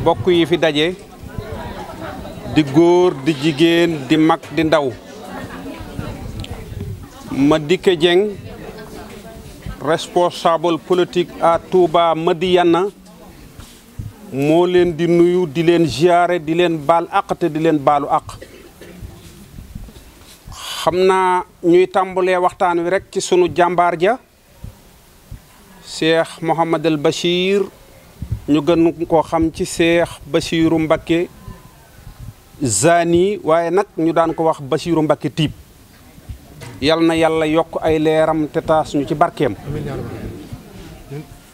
bokk yi fi daje di góor di jigéen di mag di ndaw Madické Dieng responsable politique à Touba Madiyana moo leen di nuyu di leen ziare di leen baal àq te di leen baalu àq xam naa ñuy tàmbalee waxtaan wi rekk ci sunu jàmbaar ja Cheikh Mouhamadul Bachir ñu gën koo xam ci Seex Basiiru Mbakke Zani waaye nag ñu daan ko wax Basiiru Mbakke Tiib yal na yàlla yokk ay leeram te taas ñu ci barkeem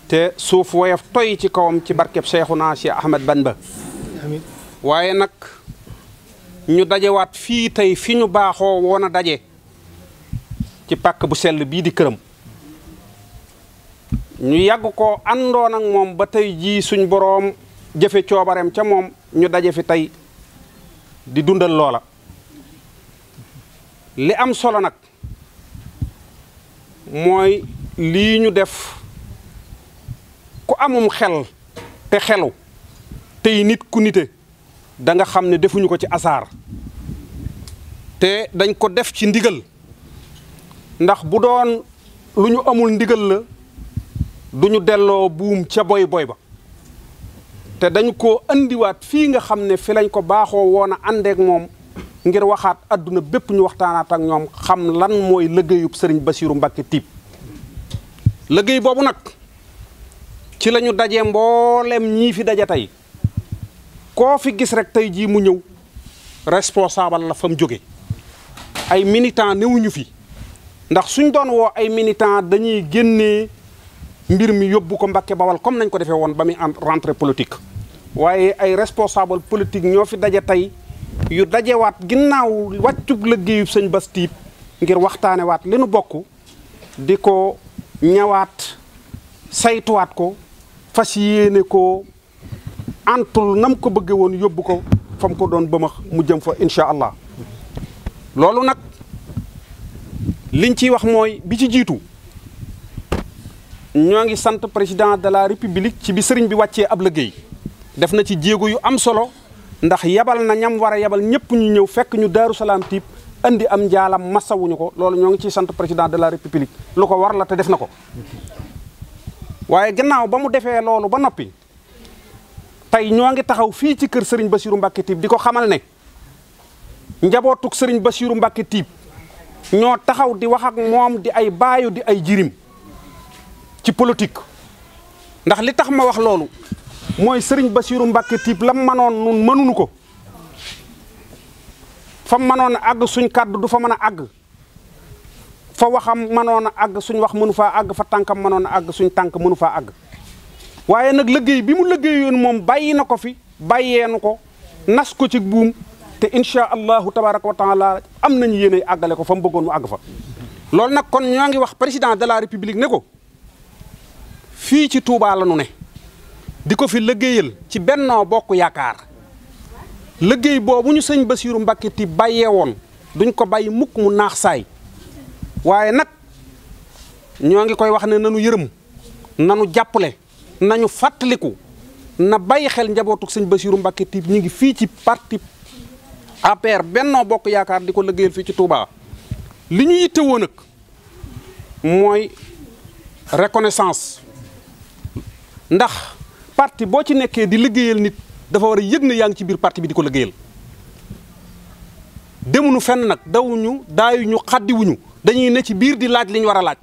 te suuf woyof toy ci kawam ci barkeb Seexuna si Ahmad Bamba waaye nag ñu dajewaat fii tey fi ñu baaxoo woon a daje ci pàkk bu sell bii di këram ñu yàgg ko àndoon ak moom ba tey jii suñ boroom jëfe coobareem ca moom ñu daje fi tey di dundal loola li am solo nag mooy lii ñu def ku amum xel te xelu tey nit ku nite da xam ne defuñu ko ci asaar te dañ ko def ci ndigal ndax bu doon lu ñu amul ndigal la du ñu delloo buum ca boy boy ba te dañu ko andiwaat fii nga xam ne fi lañ ko baaxoo woon a àndeek moom ngir waxaat adduna bépp ñu waxtaanaat ak ñoom xam lan mooy liggéeyub sëriñ Basiiru Mbàkke Tiib liggéey boobu nag ci lañu ñu dajee mboolem ñii fi daje tey koo fi gis rek tey jii mu ñëw responsable la fa jóge ay militant newuñu fi ndax suñ doon woo ay militant dañuy génnee mbir mi yóbbu ko Mbàkke Bawal comme nañ ko defee woon ba muy rentrée politique waaye ay responsable politique ñoo fi daje tey yu dajewaat ginnaaw wàccug liggéeyub sëñ Bass Thioub ngir waxtaanewaat li nu bokk di ko ñawaat saytuwaat ko fas yéene ko antul nam ko bëggee woon yóbbu ko fa mu ko doon bëmax mu jëm fa incha allah loolu nag liñ ciy wax mooy bi ci jiitu ñoo ngi sant président de la république ci bi sëriñ bi wàccee ab liggéey def na ci jéego yu am solo ndax yabal na ñam war a yabal ñëpp ñu ñëw fekk ñu daaru salaam tiib andi am njaalam masawuñu ko loolu ñoo ngi ciy sant président de la république lu ko war la te def na ko waaye gannaaw ba mu defee loolu ba noppi tey ñoo ngi taxaw fii ci kër sëriñ Bassirou Mbacké Tiib di ko xamal ne njabootug sëriñ Bassirou Mbacké Tiib ñoo taxaw di wax ak moom di ay baayu di ay jirim ci politique ndax li tax ma wax loolu mooy sëriñ Bassirou Mbacke Typ lam manoon nun mënuñu ko fa manoon a àgg suñ kàddu du fa mën a àgg fa waxam manoon a àgg suñ wax mënu faa àgg fa tànkam manoon a àgg suñ tànk mënu faa àgg waaye nag liggéey bi mu liggéeyoon moom bàyyi na ko fi bàyyeenu ko nas ko ci buum te incha allahu tabaraka wa taala am nañu yéene àggale ko fa mu bëggoon mu àgg fa loolu nag kon ñoo ngi wax président de la république ne ko fii ci tuubaa la ne di ko fi liggéeyal ci Bennoo Bokk Yaakaar liggéey boobu ñu sëñ Basiiru Mbàkke ti bàyyee woon duñ ko bàyyi mukk mu naax saay waaye nag ñoo ngi koy wax ne nanu yërëm nanu jàpple nañu fàttaliku na bàyyi xel njabootuk sëñ Basiiru Mbàkke ti ñu ngi fii ci parti APR Bennoo Bokk Yaakaar di ko liggéeyal fii ci Touba li ñu yitte woon mooy reconnaissance ndax parti boo ci nekkee di liggéeyal nit dafa war a yëg ne yaa ngi ci biir parti bi di ko liggéeyal demuñu fenn nag dawuñu daayuñu xaddiwuñu dañuy ne ci biir di laaj li ñu war a laaj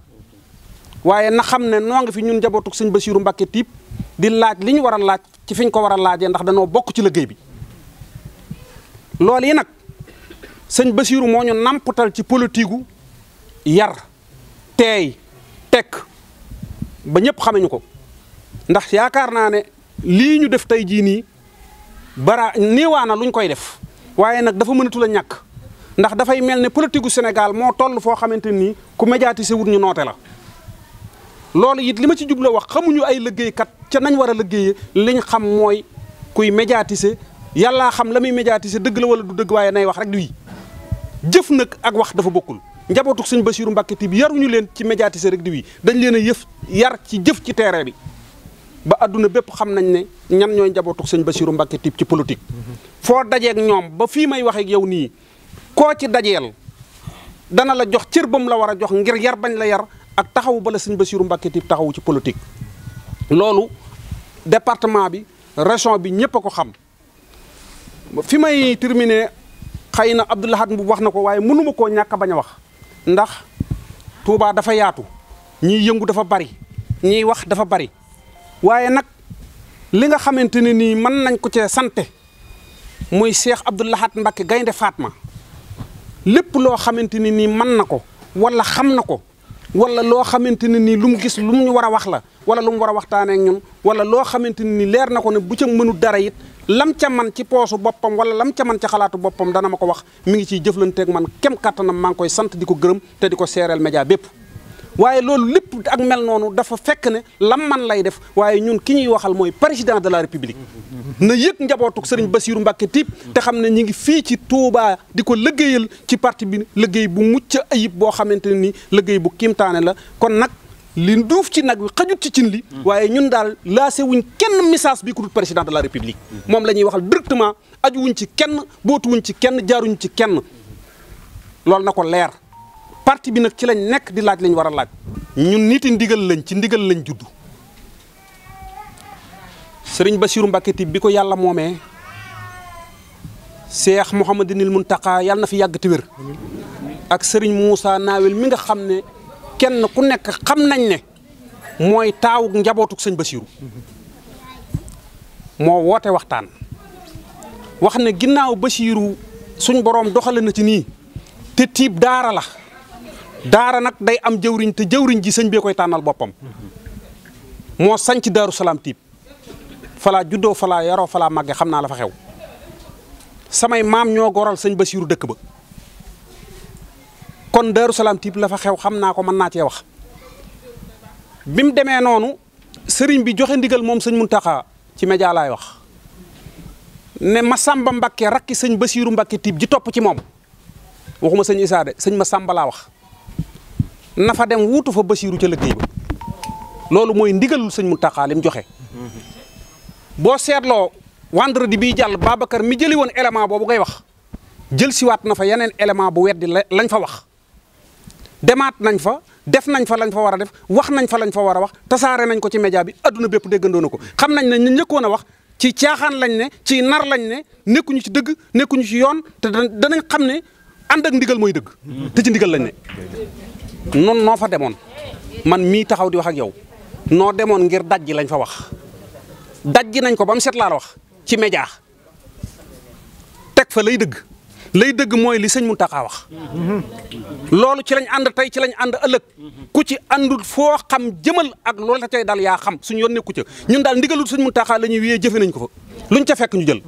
waaye na xam ne noo ngi fi ñun njabootug sëñ Basiiru Mbàkke Tiib di laaj li ñu war a laaj ci fiñ ko war a laajee ndax danoo bokk ci liggéey bi loolu yi nag sëñ Basiiru moo ñu namputal ci politigu yar teey tekk ba ñëpp xame ñu ko ndax yaakaar naa ne lii ñu def tey jii nii bara niiwaana luñ koy def waaye nag dafa mënatul a ñàkk ndax dafay mel ne politique gu Sénégal moo toll foo xamante nii ku médiatiser wut ñu noote la loolu it li ma ci jubla wax xamuñu ay liggéeykat ca nañ war a liggéeye liñ xam mooy kuy médiatiser yàllaa xam la muy médiatiser dëgg la wala du dëgg waaye nay wax rek di wi jëf nag ak wax dafa bokkul njabootuk sëñ Basiiru Mbàkke bi yaruñu leen ci médiatiser rek di dañ leen a yëf yar ci jëf ci terrain bi ba adduna bépp xam nañ ne ñan ñooy njabootu sëñ Basiiru Mbàkke Typ ci politique. foo dajeek ñoom ba fii may wax ak yow nii koo ci dajeel dana la jox cër ba mu la war a jox ngir yar bañ la yar ak taxawu ba la sëñ Basiiru Mbàkke Typ taxawu ci politique. loolu département bi région bi ñëpp a ko xam fi may terminer xëy na Abdou Lahad bu wax na ko waaye mënuma koo ñàkk bañ a wax ndax Touba dafa yaatu ñiy yëngu dafa bari ñiy wax dafa bari. waaye nag li nga xamante ne nii mën nañ ko cee sante muy Cheikh Abdou Lahad Mbacké Gaynde ma lépp loo xamante ne nii mën na ko wala xam na ko wala loo xamante ne nii lu mu gis lu mu war a wax la wala lu mu war a waxtaanee ñun wala loo xamante ne nii leer na ko ne bu ca mënu dara it lam ca man ci poosu boppam wala lam ca man ca xalaatu boppam dana ma ko wax mi ngi ciy jëflanteeg man kem kàttanam maa ngi koy sant di ko gërëm te di ko seereel média bépp waaye loolu lépp ak mel noonu dafa fekk ne lam man lay def waaye ñun ki ñuy waxal mooy président de la république na yëg njabootuk sëriñ Bassirou Mbacké Typ te xam ne ñi ngi fii ci Touba di ko liggéeyal ci parti bi liggéey bu mucc ayib boo xamante ne ni liggéey bu kiimtaane la kon nag li nduuf ci nag wi xajut ci cin li waaye ñun daal laase wuñ kenn missage bi ku dul président de la république moom la ñuy waxal directement aju ci kenn bootuwuñ ci kenn jaaruñ ci kenn loolu na ko leer parti bi nag ci lañ nekk di laaj lañ war a laaj ñun niti ndigal lañ ci ndigal lañ judd sëriñ Bassirou Mbacké Typ bi ko yàlla moomee seex Mouhamadinil Mountakha yàlla na fi yàgg te wér ak sëriñ Moussa Nawel mi nga xam ne kenn ku nekk xam nañ ne mooy taawu njabootuk sëñ Bassirou moo woote waxtaan wax ne ginnaaw Bassirou suñ boroom doxale na ci nii te Typ daara la daara nag day am jëwriñ te jëwriñ ji sëñ bee koy tànnal boppam moo sanc daaru salaam tiib falaa juddoo falaa yaroo falaa màgge xam naa la fa xew samay maam ñoo goral sëñ Basiiru dëkk ba kon daaru salaam tiib la fa xew xam naa ko mën naa cee wax bi demee noonu sëriñ bi joxe ndigal moom sëñ Muntaxa ci média laay wax ne ma Masamba Mbakke rakki sëñ Basiiru Mbakke tiib ji topp ci moom waxuma sëñ Isaa de sëñ Masamba laa wax nafa dem wuutu fa Basiiru ca liggéey ba loolu mooy ndigalul sëñ Muntaxa lim joxe boo seetloo di bii jàll Babacar mi jëli woon élément boobu ngay wax jël siwaat na fa yeneen élément bu weddi lañ fa wax demaat nañ fa def nañ fa lañ fa war a def wax nañ fa lañ fa war a wax tasaare nañ ko ci média bi adduna bépp déggandoo na ko xam nañ ne ñu njëkkoon a wax ci caaxaan lañ ne ci nar lañ ne nekkuñu ci dëgg nekkuñu ci yoon te danañ xam ne ànd ak ndigal mooy dëgg te ci ndigal ne noonu noo fa demoon man mii taxaw di wax ak yow noo demoon ngir daj lañ fa wax daj nañ ko ba mu set laa wax ci média teg fa lay dëgg lay dëgg mooy li sëñ Mountakha wax loolu ci lañ ànd tey ci lañ ànd ëllëg ku ci àndul foo xam jëmal ak loolu la cay dal yaa xam suñu yoon nekku ca ñun daal ndigalul sëñ Mountakha la ñuy wiyee jëfe nañ ko fa luñ ca fekk ñu jël.